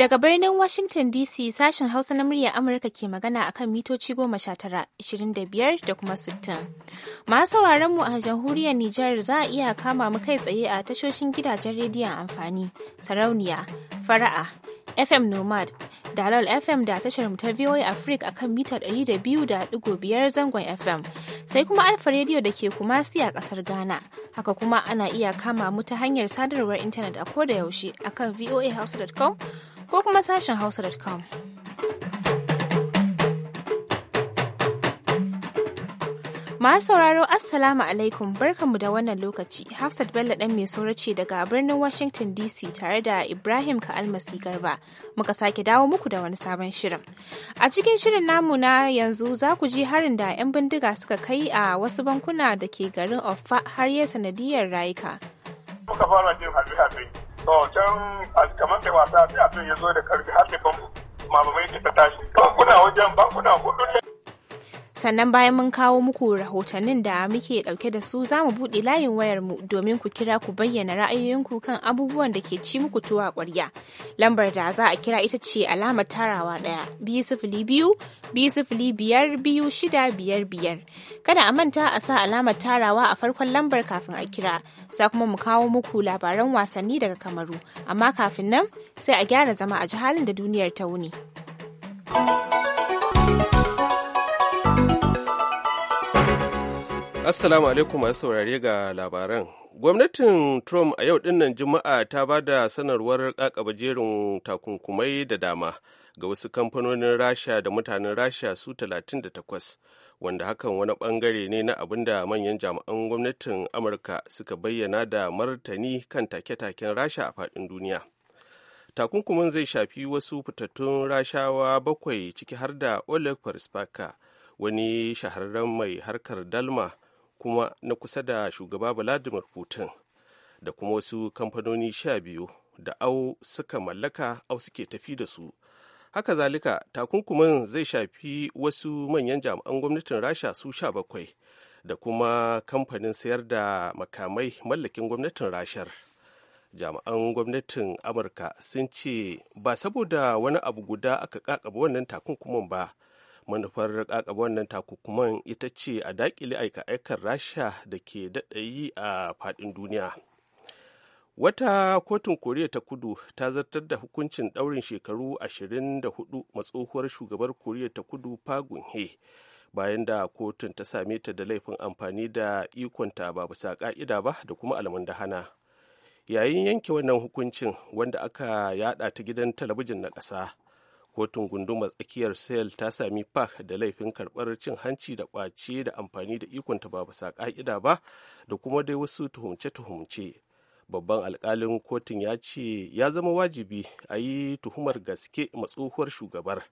Daga birnin Washington DC sashen Hausa na murya Amurka ke magana akan mitoci goma sha tara, ishirin da biyar da kuma sittin. Masu sauraron mu a jamhuriyar Nijar za a iya kama mu kai tsaye a tashoshin gidajen rediyon amfani, sarauniya, fara'a, FM Nomad, dalal FM da tashar mu ta VOA Africa akan mita ɗari da biyu da ɗigo biyar zangon FM, sai kuma Alfa Radio da ke kuma a ƙasar Ghana. Haka kuma ana iya kama mu ta hanyar sadarwar intanet a ko da yaushe akan voahausa.com ko kuma sashen hausa.com. Masu sauraro Assalamu alaikum barkanmu da wannan lokaci Hafsat Bello ɗan mai ce daga birnin Washington DC tare da Ibrahim Ka'almasi Garba muka sake dawo muku da wani sabon shirin. A cikin shirin namu na yanzu za ku ji harin da 'yan bindiga suka kai a wasu bankuna da ke garin Offa har ya sanadiyar rayuka. Muka fara jin to can kamar da wasa sai abin ya zo da karfi har da ban mamamai ta tashi bankuna wajen bankuna hudu ne sannan bayan mun kawo muku rahotannin da muke dauke da su za mu buɗe layin wayar mu domin ku kira ku bayyana ra'ayoyinku kan abubuwan da ke ci muku tuwa ƙwarya lambar da za a kira ita ce alamar tarawa ɗaya biyu sifili biyu biyu sifili biyar biyu shida biyar biyar kada a manta a sa alamar tarawa a farkon lambar kafin a kira za kuma mu kawo muku labaran wasanni daga kamaru amma kafin nan sai a gyara zama a halin da duniyar ta wuni. thank you Assalamu alaikum masu saurare ga labaran. Gwamnatin Trump a yau dinnan Juma'a ta ba da sanarwar kakaba jerin takunkumai da dama ga wasu kamfanonin Rasha da mutanen Rasha su 38, wanda hakan wani bangare ne na abin da manyan jami'an gwamnatin Amurka suka bayyana da martani kan take-taken Rasha a faɗin duniya. Takunkumin zai shafi wasu fitattun Rashawa bakwai ciki har da Oleg wani shahararren mai harkar Dalma. kuma na kusa da shugaba vladimir putin da kuma wasu kamfanoni sha biyu da au suka mallaka au suke tafi da su haka zalika takunkumin zai shafi wasu manyan jami'an gwamnatin rasha su sha bakwai da kuma kamfanin sayar da makamai mallakin gwamnatin rashar jami'an gwamnatin amurka sun ce ba saboda wani abu guda aka kakaba wannan takunkumin ba manufar kaka wannan takunkuman ita ce a dakile aika-aikar rasha da ke daɗayi a faɗin duniya wata kotun koriya ta kudu ta zartar da hukuncin ɗaurin shekaru 24 matsohuwar shugabar koriya ta kudu pagun he bayan da kotun ta same ta da laifin amfani da ikonta ba bisa ƙa'ida ba da kuma almandahana yayin yanke wannan hukuncin wanda aka yada ta gidan talabijin na ƙasa kotun gundumar tsakiyar sel ta sami park da laifin karbar cin hanci da ƙwace da amfani da ikonta ba bisa ka'ida ba da kuma dai wasu tuhumce-tuhumce babban alkalin kotun ya ce ya zama wajibi a yi tuhumar gaske ma tsohuwar shugabar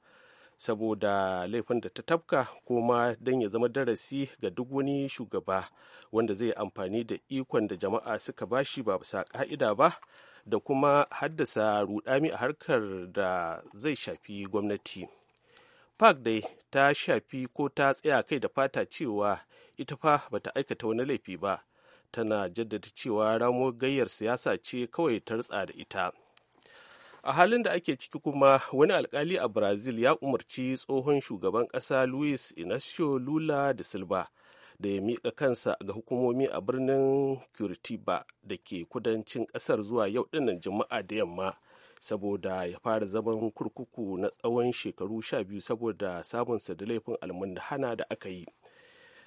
saboda laifin da ta tafka kuma don ya zama darasi ga duk wani shugaba wanda zai amfani da ikon da jama'a suka bashi ba bisa ka'ida ba da kuma haddasa rudami a harkar da zai shafi gwamnati park dai ta shafi ko ta tsaya kai da fata cewa ita fa bata aikata wani laifi ba tana jaddada cewa ramo gayyar siyasa ce kawai tartsa da ita a halin da ake ciki kuma wani alkali a brazil ya umarci tsohon shugaban ƙasa luis inacio lula da silva da ya miƙa kansa ga hukumomi a birnin curitiba da ke kudancin ƙasar zuwa yau dinnan juma'a da yamma saboda ya fara zaman kurkuku na tsawon shekaru sha biyu saboda samunsa da laifin almundahana da aka yi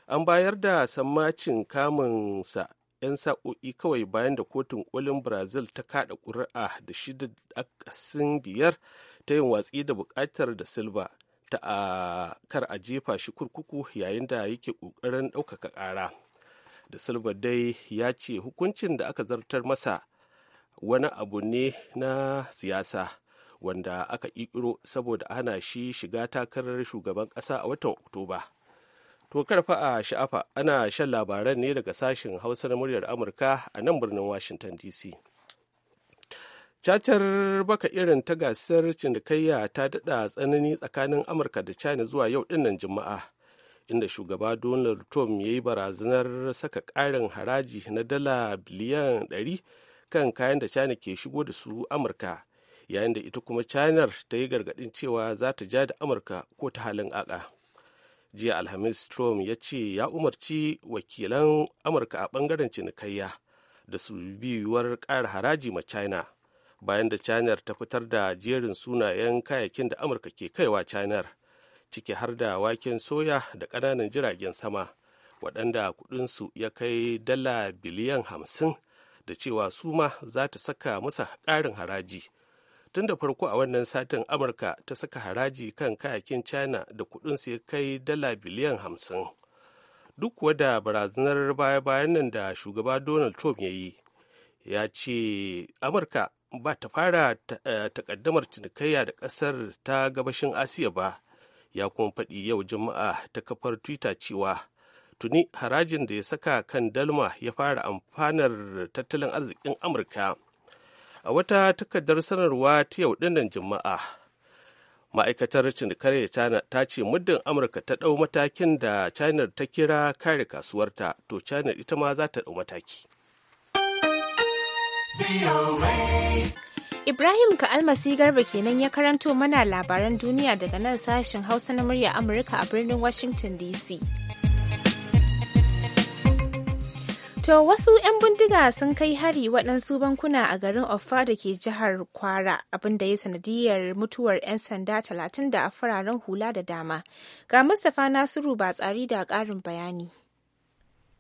an bayar da sammacin kamunsa 'yan sa'o'i kawai bayan da kotun kolin brazil ta kada ƙuri'a da shida akasin biyar ta yin watsi da buƙatar da silva ta a kar a jefa shi kurkuku yayin da yake ƙoƙarin ɗaukaka ƙara da silva dai ya ce hukuncin da aka zartar masa wani abu ne na siyasa wanda aka ƙiƙiro saboda hana shi shiga takarar shugaban ƙasa a watan oktoba to karfa a sha'afa ana shan labaran ne daga sashen hausa na muryar amurka a nan birnin washington dc cacar baka irin ta gasar cinikayya ta daɗa tsanani tsakanin amurka da china zuwa yau dinnan juma'a inda shugaba donald trump ya yi barazanar saka ƙarin haraji na dala biliyan 100 kan kayan da china ke shigo da su amurka yayin da ita kuma china ta yi gargaɗin cewa za ta ja da amurka ko ta halin aka jiya alhamis trump ya ce ya umarci wakilan amurka a ɓangaren cinikayya da su biyuwar ƙara haraji ma china bayan da china ta fitar da jerin sunayen kayayyakin da amurka ke kaiwa china ciki har da waken soya da ƙananan jiragen sama waɗanda kuɗinsu ya kai dala biliyan hamsin da cewa su ma za ta saka masa ƙarin haraji tun da farko a wannan satin amurka ta saka haraji kan kayakin china da kuɗinsu ya kai dala biliyan hamsin duk kuwa da barazanar baya-bayan nan da shugaba donald trump ya yi ya ce amurka ba ta fara eh, takaddamar cinikayya da ƙasar ta gabashin asiya ba ya kuma faɗi yau juma'a ta kafar twitter cewa tuni harajin da ya saka kan dalma ya fara amfanar tattalin arzikin amurka a wata takardar sanarwa ta yau dinnan juma'a ma'aikatar cinikar china ta ce muddin amurka ta ɗau matakin da china ta kira kare kasuwarta to china ita ma za ta ɗau mataki Ibrahim Ka'almasi Garba kenan ya karanto mana labaran duniya daga nan sashen Hausa na murya Amurka a birnin Washington DC. To wasu 'yan bindiga sun kai hari waɗansu bankuna a garin Offa da ke jihar Kwara abinda ya sanadiyar mutuwar 'yan sanda talatin da a fararen hula da dama. Ga Mustapha Nasiru ba tsari da ƙarin bayani.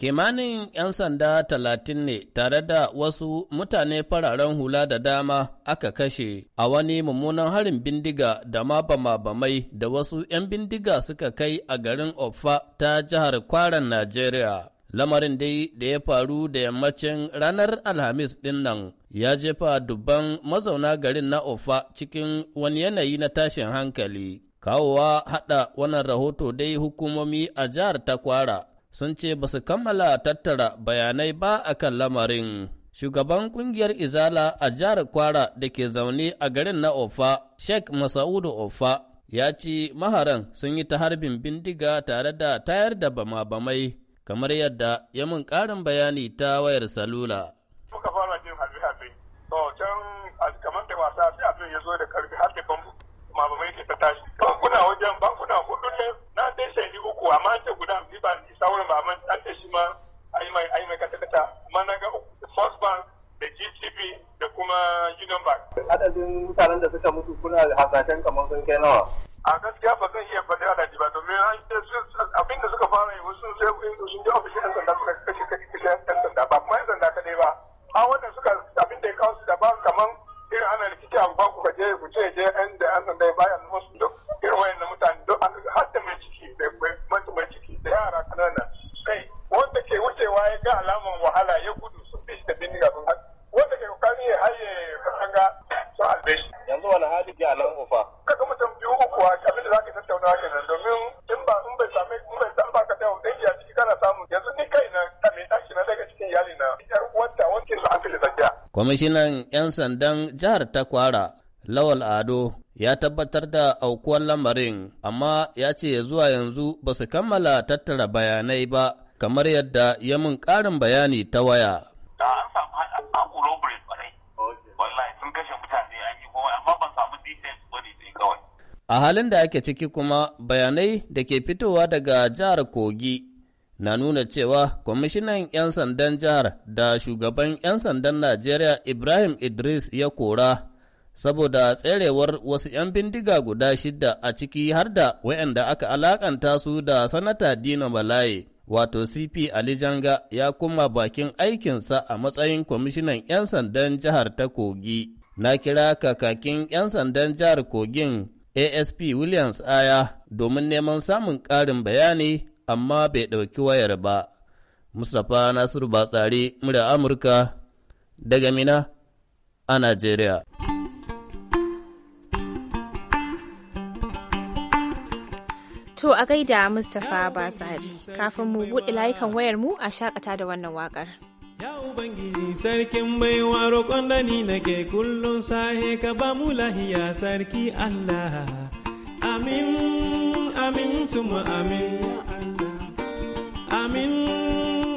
Kimanin 'yan sanda talatin ne tare da wasu mutane fararen hula da dama aka kashe a wani mummunan harin bindiga da ma bama-bamai da wasu 'yan bindiga suka kai a garin ofa ta jihar Kwaran Najeriya. Lamarin dai da ya faru da yammacin ranar Alhamis ɗin nan ya jefa dubban mazauna garin na ofa cikin wani yanayi na tashin hankali. Kawowa haɗa wannan rahoto dai hukumomi a jihar ta Kwara sun ce ba su kammala tattara bayanai ba a kan lamarin. Shugaban kungiyar Izala a jihar Kwara da ke zaune a garin na Ofa, Sheikh Masaudu Ofa, ya ce maharan sun yi ta harbin bindiga tare da tayar da bama-bamai, kamar yadda ya mun ƙarin bayani ta wayar salula. Muka fara jin harbe-harbe, to can kamar da wasa sai abin ya zo da karfi har da bambu, bama-bamai ke ta tashi. Kuna wajen ba wa ma ce guda bi ba ni sauran ba amma an ce shi ma ai mai ai mai kata kata kuma na ga First Bank da GTB da kuma Union Bank adadin mutanen da suka mutu kuna hasashen kamar sun kai nawa a gaskiya ba zan iya faɗi adadi ba domin an ce abin da suka fara yi wasu sai sun je ofishin yan sanda suka kashe kashe yan sanda ba kuma yan sanda kaɗai ba a wanda suka abin da ya kawo su da ba kamar irin ana rikici a ba ku ka je ku ce je yan da yan sanda ya baya musu duk irin wayan mutane mace mai ciki da yara kanana kai wanda ke wucewa ya ga alaman wahala ya gudu su fi da bindiga sun haka wanda ke kokarin ya haye katanga sun halbe shi yanzu wani hali ke alan ufa kaga mutum biyu uku a abin da za ka tattauna kenan domin in ba in bai same in bai san ba ka da dangi a ciki kana samu yanzu ni kai na ka mai tashi na daga cikin iyali na yar uwanta wanke su an fi da Kwamishinan 'yan sandan jihar Takwara Lawal Ado ya tabbatar da aukuwar lamarin, amma ya ce zuwa yanzu ba su kammala tattara bayanai ba, kamar yadda ya mun ƙarin bayani ta waya. A halin da ake ciki kuma bayanai da ke fitowa daga jihar Kogi na nuna cewa kwamishinan 'yan sandan jihar da shugaban 'yan sandan Najeriya Ibrahim Idris ya kora saboda tserewar wasu 'yan bindiga guda shida a ciki har da wayanda aka alakanta su da sanata Dina Malaye. Wato CP Ali Janga ya kuma bakin aikinsa a matsayin kwamishinan 'yan sandan jihar ta Kogi. Na kira kakakin 'yan sandan jihar Kogin ASP Williams Aya domin neman samun ƙarin bayani amma bai ɗauki wayar ba. Mustapha Nasiru Batsari, murya Amurka, daga Mina a Najeriya. To a gaida Mustapha bazari kafin mu buɗe layukan wayar mu a shakata da wannan wakar Ya Ubangiji sarkin baiwa roƙon da ni nake kullum sahe ka ba mu lahiya sarki Allah. Amin, amin, suma amin, Amin,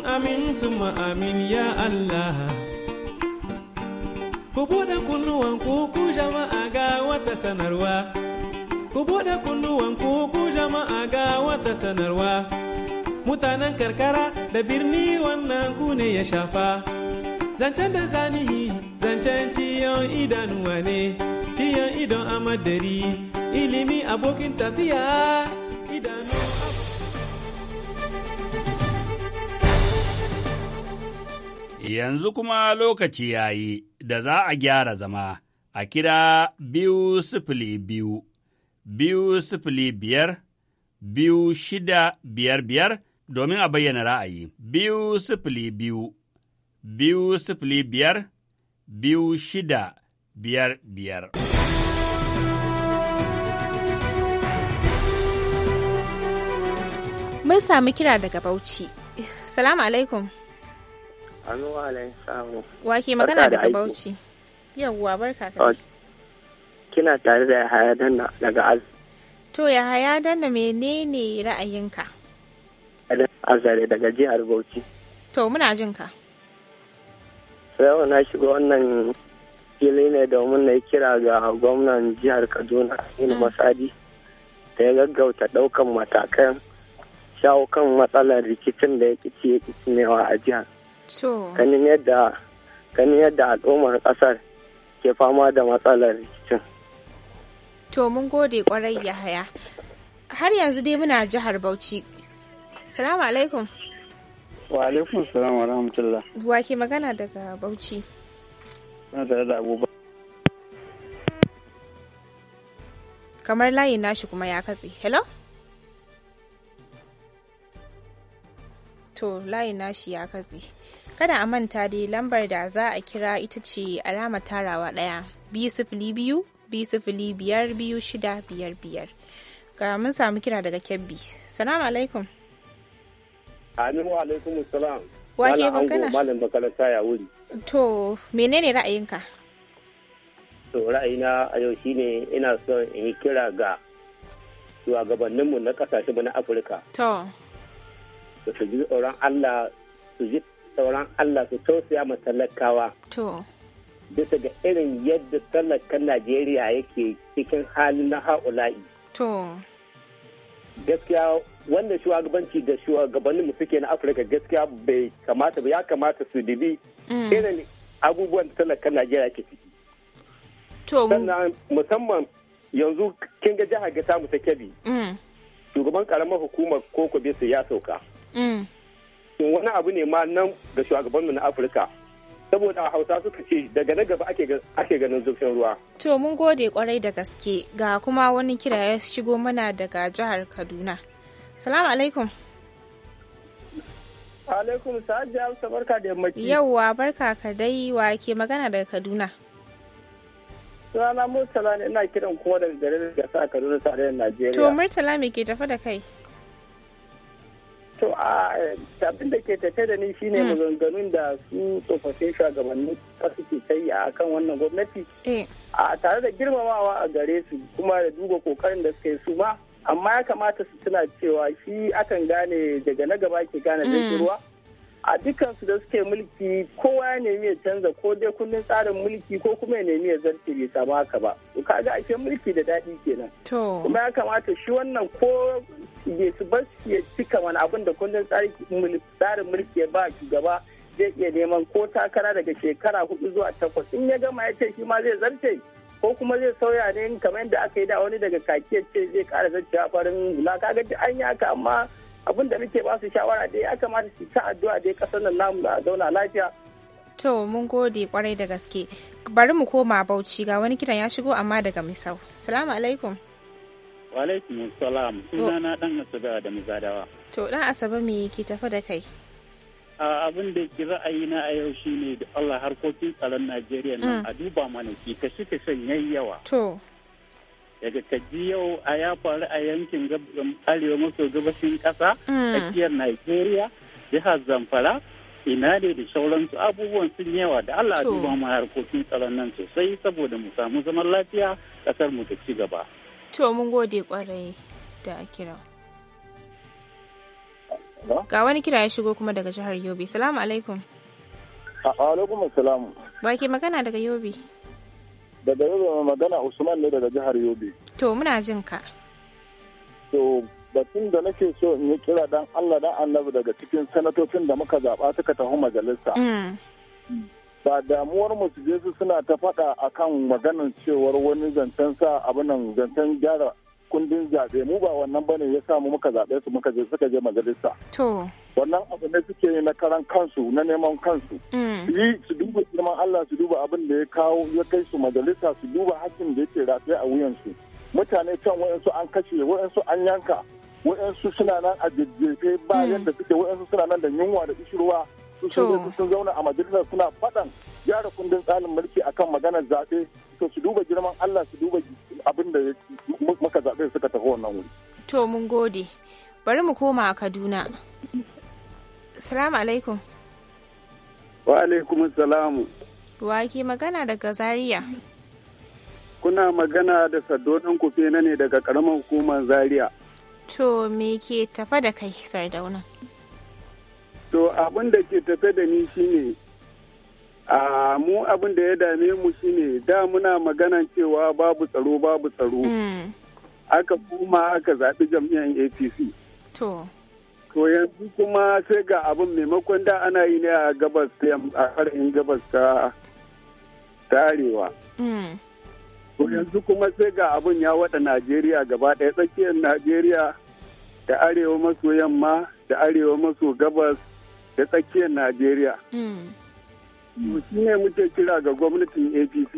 amin, suma amin, ya Allah. Ku buɗe kunnuwan ku jama'a ga wata sanarwa. Ku buɗe kunnuwanku ku jama'a ga wata sanarwa. Mutanen karkara da birni wannan ku ne ya shafa. Zancen da zanihi, zancen ciyon idanuwa ne, ciyon idon amadari, ilimi abokin tafiya, idanu Yanzu kuma lokaci yayi da za a gyara zama, a kira biyu sifili biyu. biyu sifili biyar biyu shida biyar biyar domin a bayyana ra'ayi biyu sifili biyu biyu sifili biyar biyu shida biyar biyar. Mun sami kira daga Bauchi. Salamu alaikum. Anuwa alaikum. Wa ke magana daga Bauchi? Yawwa barka ka. kina tare da haya Danna daga Az. To ya haya Danna menene ra'ayinka? Azare daga jihar Bauchi. To muna jin ka. Yau na shiga wannan fili ne domin na yi kira ga gwamnan jihar Kaduna yin mm. Masadi da ya gaggauta daukan matakan shawo kan matsalar rikicin da ya kici ya kici a jihar. Kanin yadda al'ummar ƙasar ke fama da matsalar rikicin. To mun gode kwarai ya haya. Har yanzu dai muna jihar Bauchi. Salamu alaikum. Wa alaikum salam wa rahmatullah. Wa ke magana daga Bauchi. Kamar layi nashi kuma ya katse. Hello? To layi nashi ya katse. kada a manta dai lambar da za a kira ita ce alama tarawa ɗaya biyu sifili biyu biyu ga mun samu kira daga kebbi salamu alaikum aminu alaikum salam wake magana malam makaranta ya wuri to menene ra'ayinka to ra'ayina a yau shine ina son in yi kira ga shugabanninmu na kasashe na afirka to su ji tsoron allah su ji tsoron allah su tausaya ma talakawa to bisa ga irin yadda talakan najeriya yake cikin hali na ha'ula'i to gaskiya wannan shugabanci da shugabanninmu suke na afirka gaskiya bai kamata ba ya kamata su dibi mm. irin abubuwan da talakan najeriya ke ciki sannan musamman yanzu kin ga jihar gasa mu ta kebi. Mm. shugaban karamar hukumar koko bisa ya sauka mm. wani abu ne ma nan ga shugabanmu na afirka saboda hausa suka ce daga na gaba ake ganin zurfin ruwa. To mun gode kwarai da gaske ga kuma wani kira ya shigo mana daga jihar Kaduna. Salamu alaikum. Alaikum sa'ad Hausa barka da yammaci. Yawwa barka ka dai wa ke magana daga Kaduna. Sunana Murtala ne ina kiran kuma daga garin gasa a Kaduna tarayyar Najeriya. To Murtala me ke tafi da kai? to a abin da ke tafe da ni shine hmm. maganganun da su tsofaffin shugabannin ta suke kai a kan wannan gwamnati eh. a tare da girmamawa a gare su kuma da duba kokarin da suka yi su ma amma ya kamata su tuna cewa shi akan gane daga na gaba ke gane jirgin hmm. ruwa a dukansu da suke mulki kowa ya nemi ya canza ko dai kundin tsarin mulki ko kuma ya nemi ya zarce bai samu haka ba ka ga ake mulki da daɗi kenan kuma ya kamata shi wannan ko ya su bar ya cika wani abin da kundin tsarin mulki ya ba shugaba zai iya neman ko takara daga shekara hudu zuwa takwas in ya gama ya ce shi ma zai zarce ko kuma zai sauya ne kamar yadda aka yi da wani daga kaki ya ce zai kara zarce a farin hula kaga an yi haka amma abin da muke ba su shawara dai ya kamata su ta addu'a dai kasar nan namu na zauna lafiya to mun gode kwarai da gaske bari mu koma bauchi ga wani kiran ya shigo amma daga misau salamu alaikum wa alaikum salam sunana dan asabe da muzadawa to dan asabe me ke tafi da kai abin da ke ra'ayi na a yau shine da Allah harkokin tsaron Najeriya nan mm. a duba mana ki kashe kashen yayi yawa to daga kaji yau a ya faru a yankin um, arewa maso gabashin ƙasa mm. kiyar nigeria jihar zamfara ina ne da sauransu abubuwan sun yawa da allah duba mu harkokin tsaron nan sosai saboda mu samu zaman lafiya kasar mu ta ci gaba to mun gode kwarai da kira ga wani kira ya shigo kuma daga jihar yobe salamu alaikum alaikum assalamu ba ke magana daga yobe daga yau magana usman ne daga jihar yobe to muna jin ka to batun da nake so in yi kira dan allah dan annabi daga cikin sanatocin da muka zaba suka taho majalisa mm. ba damuwar mu su suna ta faɗa akan maganar cewar wani zancen sa abinan zancen gyara kundin zaɓe mu ba wannan bane ya samu muka zaɓe su muka je suka je majalisa. To. Wannan abu ne suke yi na karan kansu na neman kansu. Mm. Yi su duba neman Allah su duba abin da ya kawo ya kai su majalisa su duba hakkin da yake rafe a wuyansu. Mutane can wa'yansu an kashe wa'yansu an yanka wa'yansu suna nan a jejjefe ba mm. yadda suke wa'yansu suna nan da yunwa da ishirwa su sun zauna a majalisar suna faɗan gyara kundin tsarin mulki akan maganar zaɓe to su duba girman Allah su duba abin da muka zaɓe suka tafi wannan wuri. To mun gode. Bari mu koma a Kaduna. Salamu alaikum. Wa alaikum salamu. Wa ke magana daga Zaria? Kuna magana da Sardonan na ne daga karamar hukumar Zaria. To me ke tafa da kai sardaunan? to abin da ke tafe da ni shine a mu abin da ya dame mu shine da muna magana cewa babu tsaro babu tsaro mm. aka kuma aka zaɓi jam'iyyar apc to to yanzu kuma sai ga abin maimakon da ana yi ne a gabas a karin gabas ta arewa mm. to yanzu kuma sai ga abin ya waɗa najeriya gaba ɗaya tsakiyar najeriya da arewa maso yamma da arewa maso gabas da tsakiyar najeriya hmm. shi ne muke kira ga gwamnatin apc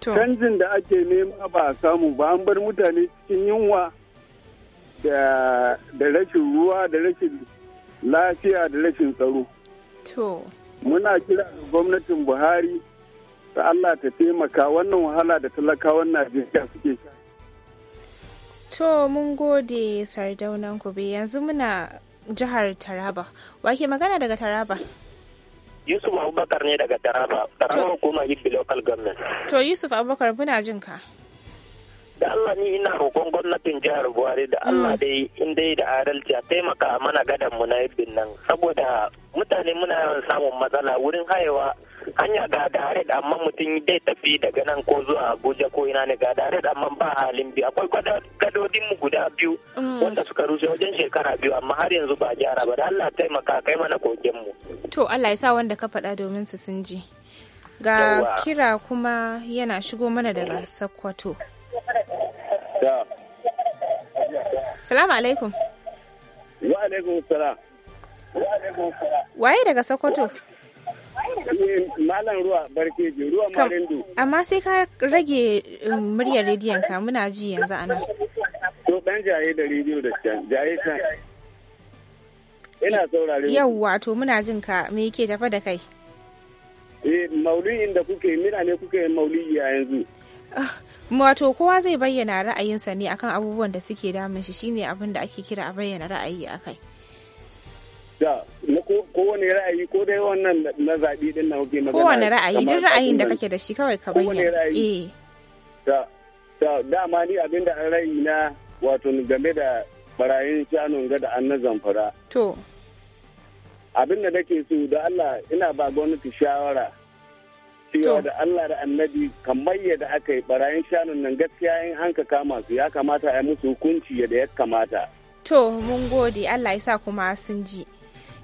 canjin da ake nema ba a samu ba an bar mutane cikin yunwa da rashin ruwa da rashin lafiya da rashin tsaro muna kira ga gwamnatin buhari ta allah ta taimaka wannan wahala da talakawan najeriya suke sha to mun gode sardaunan kube yanzu muna jihar Taraba. Wake magana daga Taraba? Yusuf Abubakar ne daga Taraba, Taraba hukumar Local Government. To Yusuf Abubakar muna jin ka. Da Allah ni ina roƙon gwamnatin jihar Buhari da Allah mm. dai in dai da adalci a taimaka mana gadan mu na Hibbin nan saboda mutane muna yawan samun matsala wurin hayewa hanya ga dare da amma mutum dai tafi daga nan ko zuwa abuja ko ina ne ga dare amma ba halin biyu akwai gadodin mu guda biyu mm. wanda suka rushe wajen shekara biyu amma har yanzu ba gyara ba da allah taimaka kai mana koken mu to allah ya sa wanda ka faɗa domin su sun ji ga kira kuma yana shigo mana daga sokoto salamu alaikum wa alaikum salam waye daga sokoto Eh, Malam ruwa barke ji ruwa malin marindu. Amma sai ka rage eh, muryar rediyon ka muna ji yanzu ana. To ɗan jaye da rediyo da can jaye can. Ina eh, saurare. Yawwa to muna jin ka me yake tafa da kai. Eh mauli'in da kuke mina ne kuke mauli'i a yanzu. Ah, wato kowa zai bayyana ra'ayinsa ne akan abubuwan da suke damun shi shine abin da ake kira a bayyana ra'ayi akai. Da na ko kowane ra'ayi ko dai wannan na zaɓi din na hukumar magana kowane ra'ayi duk ra'ayin da kake da shi kawai ka bayyana eh da dama ni abin da ra'ayi na wato game da barayin shanun ga da an na zamfara to abin da nake so da Allah ina ba gwamnati shawara cewa da Allah da annabi kamar yadda aka yi barayin shanun nan gaskiya in an ka kama su ya kamata a yi musu hukunci yadda ya kamata to mun gode Allah ya sa kuma sun ji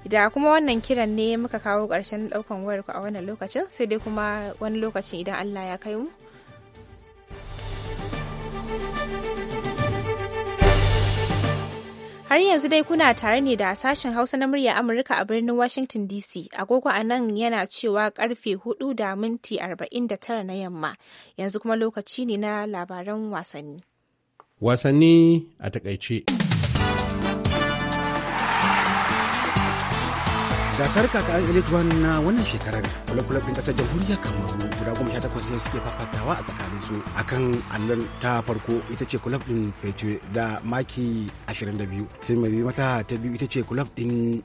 da kuma wannan kiran ne muka kawo ƙarshen ɗaukan wayar ku a wannan lokacin sai dai kuma wani lokacin idan allah ya kai mu Har yanzu dai kuna tare ne da sashen Hausa na murya Amurka a birnin Washington DC. Agogo a nan yana cewa karfe 4 da minti 49 na yamma. Yanzu kuma lokaci ne na labaran wasanni. Wasanni a takaice. gasar kaka elite one na wannan shekarar kulab-kulab din kasar jamhuriyar kamaru guda goma sha takwas suke fafatawa a tsakanin su akan allon ta farko ita ce kulab din fetwe da maki 22 sai mai biyu mata ta biyu ita ce kulab din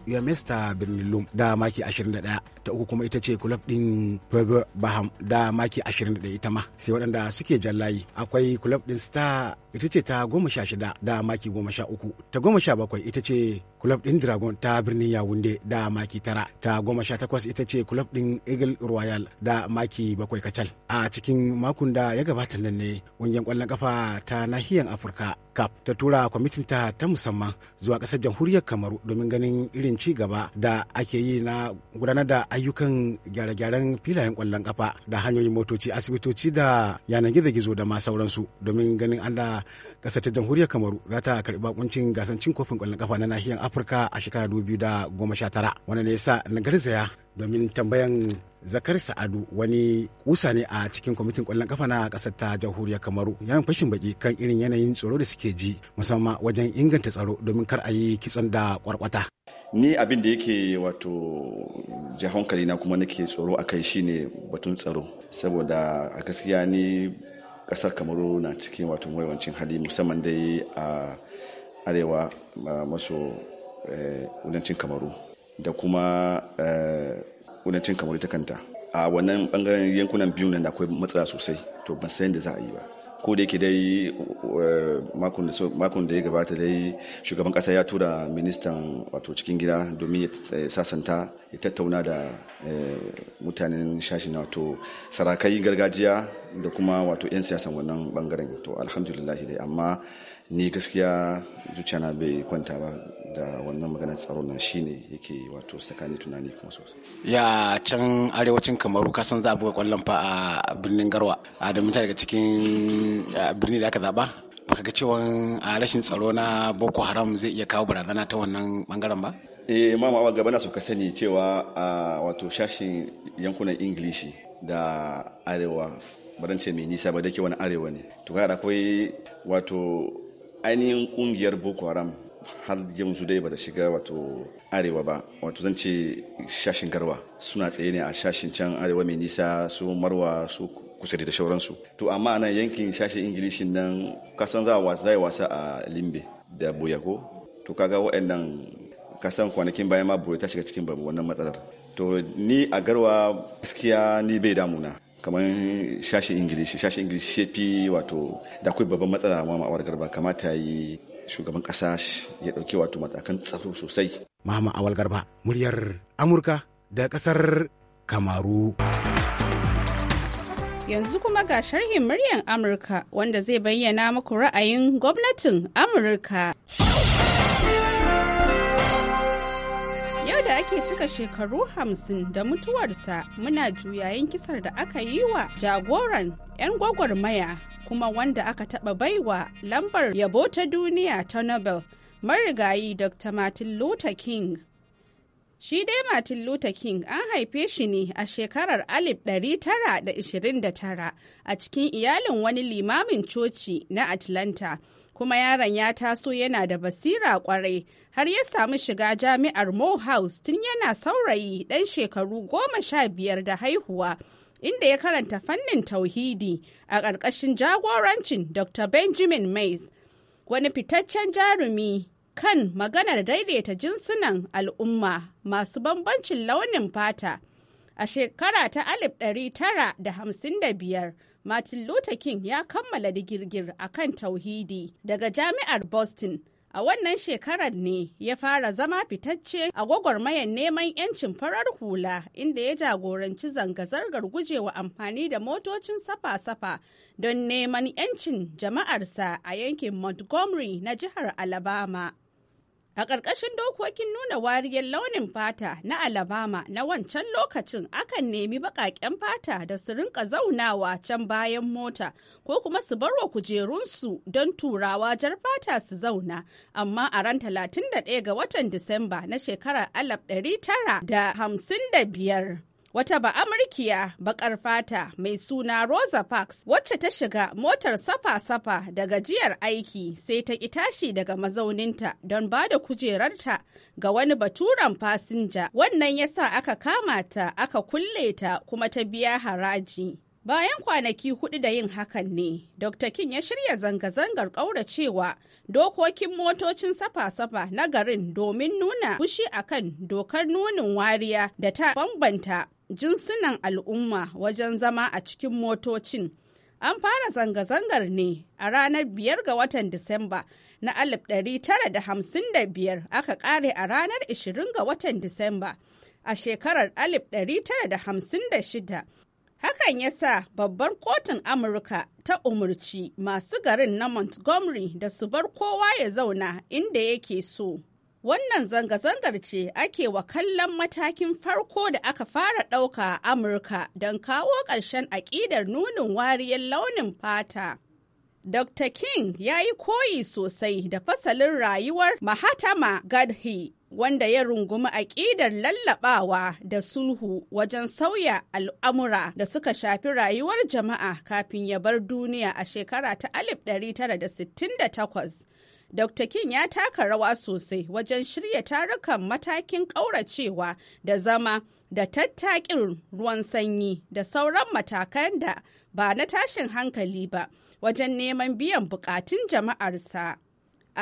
ta birnin lum da maki 21 ta uku kuma ita ce kulab din pebe baham da maki 21 ita ma sai waɗanda suke jallayi akwai kulab din star ita ce ta goma sha shida da maki goma sha uku ta goma sha bakwai ita ce kulab din dragon ta birnin yawunde da maki tara ta goma sha takwas ita ce kulab din eagle royal da maki bakwai kacal a cikin makon da ya gabata nan ne ƙungiyar kwallon kafa ta nahiyar afirka cap ta tura kwamitinta ta musamman zuwa ƙasar jamhuriyar kamaru domin ganin irin ci gaba da ake yi na gudanar da ayyukan gyare-gyaren filayen ƙwallon ƙafa da hanyoyin motoci asibitoci da yanar gizo-gizo da ma sauransu domin ganin an da ƙasar ta jamhuriyar kamaru za ta karɓi bakuncin gasar cin kofin ƙwallon ƙafa na nahiyar afirka a shekara 2019 wani ne yasa na garzaya domin tambayan zakar sa'adu wani kusa ne a cikin kwamitin kwallon kafa na kasar ta jamhuriyar kamaru yan fashin baki kan irin yanayin tsoro da suke ji musamman wajen inganta tsaro domin kar a yi kitson da kwarkwata ni abin da yake wato ji hankali na kuma nake tsoro a kai shine batun tsaro saboda a gaskiya ni kasar kamaru na cikin wato mawancin hali musamman dai a arewa maso eh, kudancin kamaru da kuma eh, kudancin kamar ta kanta a wannan bangaren yankunan biyu nan akwai matsala sosai to ban san da za a yi ba ko da yake dai eh, makon da ya gabata dai shugaban kasa ya tura ministan wato cikin gida domin ya eh, sasanta ya tattauna da mutanen shashin wato sarakai gargajiya da kuma wato 'yan siyasan wannan bangaren to alhamdulillah dai amma ni gaskiya zuciya na bai kwanta ba da wannan maganar tsaro shi shine yake wato tsakanin tunani kuma sosai ya can arewacin kamaru kasan za a buga kwallon fa a birnin garwa a da mutane daga cikin birni da aka zaba baka ga cewa a rashin tsaro na boko haram zai iya kawo barazana ta wannan bangaren ba eh mama wa gaba na so ka sani cewa a wato shashin yankunan ingilishi da arewa ba ce mai nisa ba da ke wani arewa ne to kada akwai wato ainihin kungiyar boko haram har yanzu dai ba bata shiga wato arewa ba wato zan ce shashin garwa suna tsaye ne a shashin can arewa mai nisa su marwa su kusuri da shauransu to amma nan yankin shashin ingilishin nan kasan za a wasa a limbe da boyako to kaga waɗannan kasan kwanakin bayan ma boye ta shiga cikin babu wannan matsalar to ni a garwa gaskiya ni bai damuna kamar shashi ingilishi shashi ingilishi shefi wato da akwai babban matsala ma ma'awar garba kamata yi shugaban kasa ya ɗauki wato matakan tsaro sosai mama awal garba muryar amurka da kasar kamaru yanzu kuma ga sharhin muryar amurka wanda zai bayyana muku ra'ayin gwamnatin amurka da ake cika shekaru hamsin da mutuwarsa muna juyayin kisar da aka yi wa jagoran 'yan gwagwarmaya kuma wanda aka taɓa baiwa lambar yabo ta duniya ta Nobel marigayi Dr. Martin Luther King. Shi dai Martin Luther King an haife shi ne a shekarar 1929 a cikin iyalin wani limamin coci na Atlanta, kuma yaron ya taso yana da basira kwarai har ya samu shiga jami'ar Morehouse tun yana saurayi ɗan shekaru goma sha biyar da haihuwa. inda ya karanta fannin tauhidi a ƙarƙashin jagorancin Dr. Benjamin Mays, wani fitaccen jarumi kan maganar daidaita jinsunan al'umma masu bambancin launin fata. A shekara ta 1955, Martin Luther King ya kammala digirgir a kan tauhidi daga jami'ar Boston. A wannan shekarar ne ya fara zama fitacce a gwagwarmayar neman 'yancin farar hula inda ya jagoranci zanga-zangar gujewa amfani da motocin safa-safa don neman 'yancin jama'arsa a yankin Montgomery na jihar Alabama. A ƙarƙashin dokokin nuna wariyar launin fata na Alabama na wancan lokacin akan nemi baƙaƙen fata da su rinka zaunawa can bayan mota ko kuma su barwa kujerunsu don turawa jar fata su zauna. Amma a ran 31 ga watan Disamba na shekarar 1955 wata ba Amurkiya bakar fata mai suna Rosa Parks wacce ta shiga motar safa-safa da gajiyar aiki sai ta ki tashi daga mazauninta don ba da kujerarta ga wani baturan fasinja. Wannan yasa aka kama ta aka kulle ta kuma ta biya haraji. Bayan kwanaki hudu da yin hakan ne, Dr. King ya shirya zanga-zangar ƙauracewa dokokin motocin safa-safa na garin domin nuna fushi akan dokar nunin wariya da ta bambanta jinsunan al'umma wajen zama a cikin motocin. An fara zanga-zangar ne a ranar biyar ga watan Disamba na 1955 aka ƙare a ranar 20 ga watan Disamba a shekarar 1956. Hakan ya sa babbar kotun Amurka ta umarci masu garin na Montgomery da su bar kowa ya zauna inda yake so. Wannan zanga-zangar ce ake wa kallon matakin farko da aka fara ɗauka a Amurka don kawo ƙarshen aƙidar nunin wariyar launin fata. Dr. King ya yi koyi sosai da fasalin rayuwar Mahatma Gadhi wanda ya rungumi aƙidar lallabawa da sulhu wajen sauya al'amura da suka shafi rayuwar jama'a kafin ya bar duniya a shekara ta 1968. Dr. King ya taka rawa sosai wajen shirya tarukan matakin ƙauracewa da zama da tattakin ruwan sanyi da sauran matakan da ba na tashin hankali ba wajen neman biyan bukatun jama'arsa.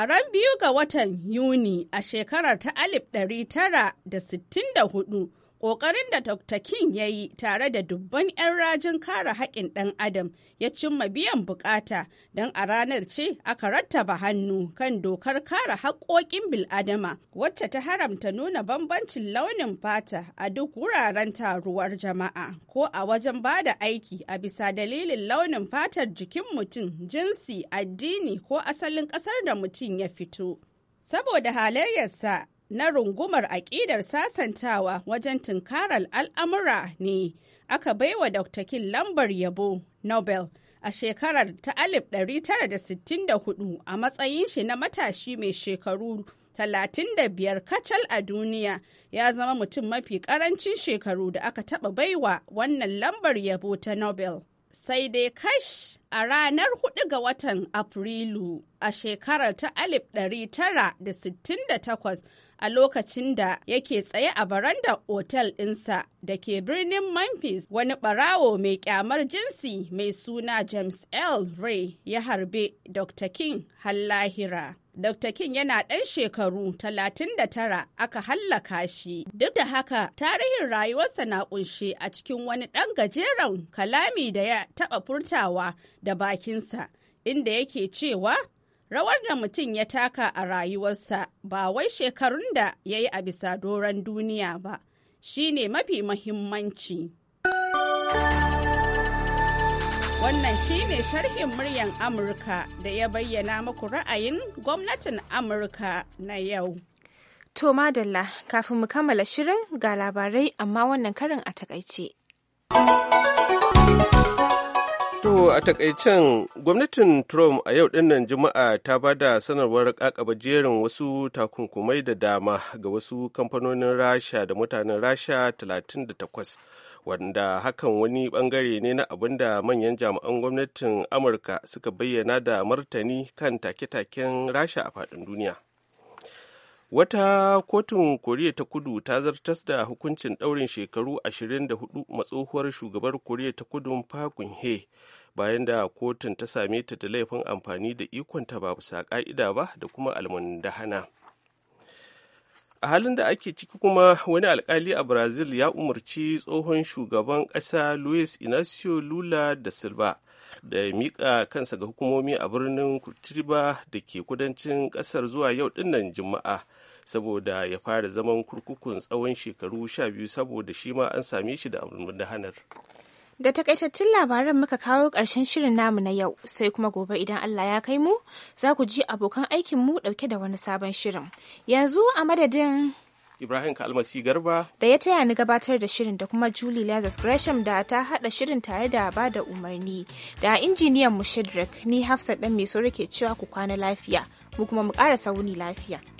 A ran biyu ga watan Yuni a shekarar ta 1964 Ƙoƙarin da Dr. King ya yi tare da dubban 'yan rajin kare haƙƙin ɗan Adam ya cimma biyan bukata don a ranar ce aka rattaba hannu kan dokar kare haƙƙoƙin bil'adama wacce ta haramta nuna bambancin launin fata a duk wuraren taruwar jama'a ko a wajen ba da aiki a bisa dalilin launin fatar jikin mutum, jinsi, addini ko asalin ƙasar da mutum ya fito. Saboda halayyarsa na rungumar aƙidar sasantawa wajen tunkarar al'amura ne aka baiwa Dr. kin lambar yabo Nobel a shekarar ta 1964 a matsayin shi na matashi mai shekaru 35 kacal a duniya ya zama mutum mafi karancin shekaru da aka taɓa baiwa wannan lambar yabo ta Nobel. Sai dai kash a ranar 4 ga watan Afrilu a shekarar ta 1968 a lokacin da yake tsaye a barandar otel ɗinsa da ke birnin Memphis wani ɓarawo mai kyamar jinsi mai suna James L. Ray ya harbe Dr. King hallahira. Dr. King yana ɗan shekaru 39 aka hallaka shi. Duk da haka, tarihin rayuwarsa na ƙunshe a cikin wani ɗan gajeren kalami da ya taɓa furtawa da bakinsa, inda yake cewa Rawar da mutum ya taka a rayuwarsa ba wai shekarun da ya yi a bisa doron duniya ba, shine mafi mahimmanci. Wannan shi ne sharhin muryan Amurka da ya bayyana muku ra'ayin gwamnatin Amurka na yau. To madalla kafin mu kammala shirin ga labarai amma wannan karin a takaice. To a takaicen gwamnatin Trump a yau dinnan Juma'a ta ba da sanarwar kakaba jerin wasu takunkumai da dama ga wasu kamfanonin Rasha da mutanen Rasha 38 wanda hakan wani bangare ne na abin da manyan jami'an gwamnatin Amurka suka bayyana da martani kan take-taken Rasha a faɗin duniya. Wata kotun Koriya ta kudu ta zartas da hukuncin ɗaurin shekaru 24 matsohuwar shugabar Koriya ta kudun Park geun bayan da kotun ta same ta da laifin amfani da ikonta ba bisa ka'ida ba da kuma almundahana a halin da ake ciki kuma wani alkali a brazil ya umarci tsohon shugaban ƙasa luis inacio lula da silva da ya miƙa kansa ga hukumomi a birnin curitiba da ke kudancin ƙasar zuwa yau dinnan juma'a saboda ya fara zaman kurkukun tsawon shekaru sha biyu saboda shi ma an same shi da almundahanar. hanar Da takaitattun labaran muka kawo ƙarshen shirin namu na yau, sai kuma gobe idan Allah ya kai mu, za ku ji abokan aikin mu ɗauke da wani sabon shirin. Yanzu a madadin Ibrahim Kalmasi Garba da ya taya ni gabatar da shirin da kuma Julie Lazarus Gresham da ta haɗa shirin tare da ba da umarni da injiniyan mu shidrek ni Hafsat ɗan mai ke cewa ku kwana lafiya, mu kuma mu ƙara sauni lafiya.